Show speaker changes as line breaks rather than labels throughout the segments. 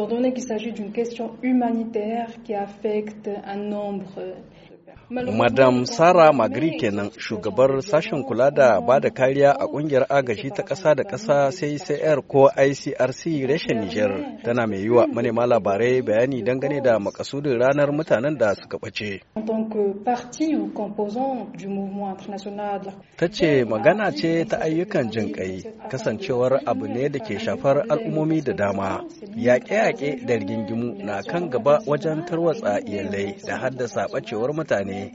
étant donné qu'il s'agit d'une question humanitaire qui affecte un nombre
Madam Sara Magri kenan shugabar sashen kula da ba da kariya a kungiyar agashi ta ƙasa da ƙasa CICR ko ICRC reshen Nijar tana mai yiwa manema labarai bayani dangane da makasudin ranar mutanen da suka ɓace. Ta ce magana ce ta ayyukan jin kasancewar abu ne da ke shafar al'ummomi da dama. Yaƙe-yaƙe da rigingimu na kan gaba wajen tarwatsa iyalai da haddasa ɓacewar mutane mutane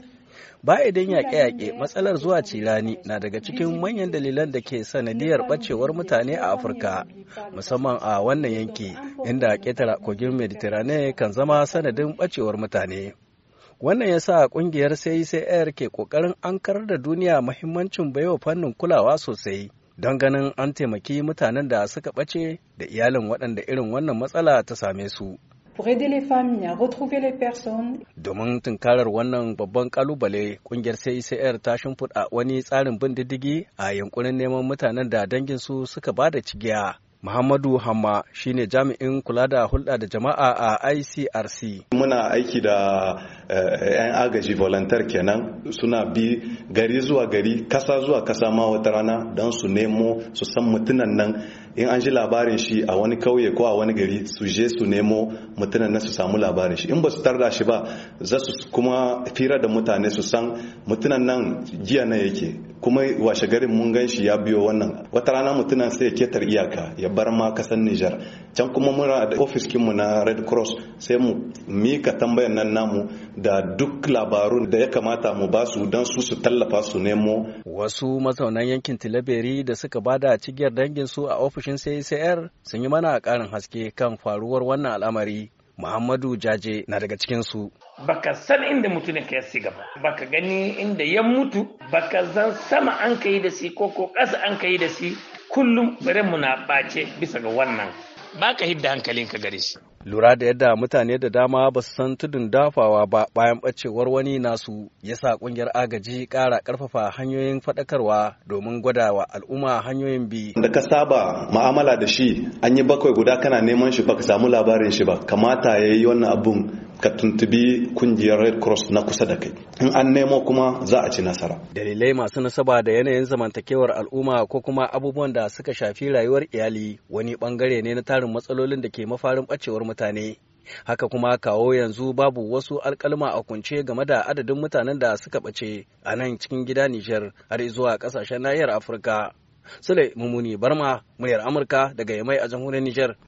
ba idan yaƙe-yaƙe matsalar zuwa cirani na daga cikin manyan dalilan da ke sanadiyar ɓacewar mutane a afirka musamman a wannan yanki inda ƙetare kogin mediterane kan zama sanadin ɓacewar mutane wannan ya sa ƙungiyar air ke ƙoƙarin ankar da duniya mahimmancin baiwa fannin kulawa sosai don ganin an taimaki mutanen da suka ɓace da iyalin waɗanda irin wannan matsala ta same su. Domin tunkarar wannan babban kalubale kungiyar CICR e ta shimfiɗa wani tsarin bin diddigi a yankunan neman mutanen da danginsu suka ba da cigiya. Muhammadu Hamma shine jami'in kula da hulɗa da jama'a a ICRC.
Muna aiki da Eh, 'yan agaji volunteer kenan suna bi gari zuwa gari kasa zuwa kasa ma wata rana don su nemo su san mutunan nan in an ji labarin shi a wani kauye ko a wani gari su je su nemo mutunan nan su samu labarin shi in ba su tarda shi ba za su kuma fira da mutane su san mutunan nan jiya na yake kuma washe garin mun gan shi ya biyo wannan wata rana mutunan sai ya ketar iyaka ya bar ma kasan Nijar can kuma mura da ofis kinmu na Red Cross sai mu mika tambayar nan namu da duk labarun da ya kamata mu ba su don su su tallafa su nemo.
Wasu mazaunan yankin Tilaberi da suka bada cigiyar dangin su a ofishin CICR sun yi mana karin haske kan faruwar wannan al'amari. Muhammadu Jaje na daga cikin su Baka san inda mutumin ka ya gaba, ba, baka gani inda ya mutu, baka zan sama an ka yi da si ko ko ƙasa an ka yi da shi kullum bare mu na ɓace bisa ga wannan. Baka hidda hankalin ka gare shi. lura da yadda mutane da dama ba su san tudun dafawa ba bayan ɓacewar wani nasu ya sa ƙungiyar agaji ƙara ƙarfafa hanyoyin faɗakarwa domin gwada wa al'umma hanyoyin bi
da ka saba ma'amala da shi an yi bakwai guda kana neman shi baka samu labarin shi ba kamata ya yi wannan abun ka tuntubi kungiyar red cross na kusa da kai in an nemo kuma za a ci nasara
dalilai masu nasaba da yanayin zamantakewar al'umma ko kuma abubuwan da suka shafi rayuwar iyali wani bangare ne na tarin matsalolin da ke mafarin bacewar mutane haka kuma kawo yanzu babu wasu alkalma a kunce game da adadin mutanen da suka bace a nan cikin gida nijar har zuwa kasashen nahiyar afirka sule mumuni barma muryar amurka daga yamai a jamhuriyar nijar